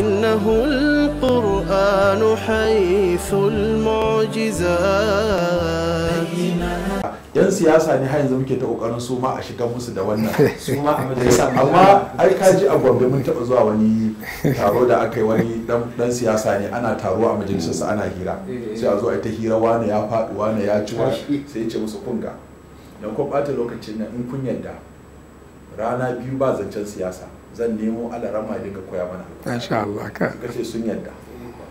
إنه القرآن حيث المعجزات yan siyasa ne har yanzu muke ta ƙoƙarin su ma a shiga musu da wannan su ma a majalisa amma ai ka ji a gombe mun taɓa zuwa wani taro da aka yi wani ɗan siyasa ne ana taro a majalisarsa ana hira eh. sai a zo a ta hira wane ya faɗi wane ya ci sai ya ce musu kunga don kun ɓata lokacin nan in kun yarda rana biyu ba zancen siyasa zan nemo alarama ya ka koya mana masha Allah ka ce sun yadda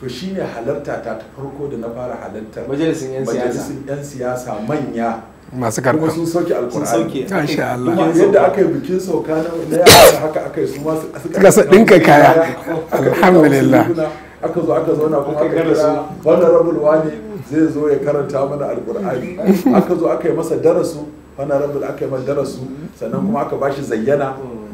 to shine halarta ta ta farko da na fara halartar majalisin yan siyasa majalisin yan siyasa manya masu karɓa kuma sun sauke alkur'ani sun Allah kuma yadda aka yi bikin sauka na yara haka aka yi su ma suka dinka kaya alhamdulillah aka zo aka zauna kuma aka kira honorable wani zai zo ya karanta mana alkur'ani aka zo aka yi masa darasu honorable aka yi masa darasu sannan kuma aka bashi zayyana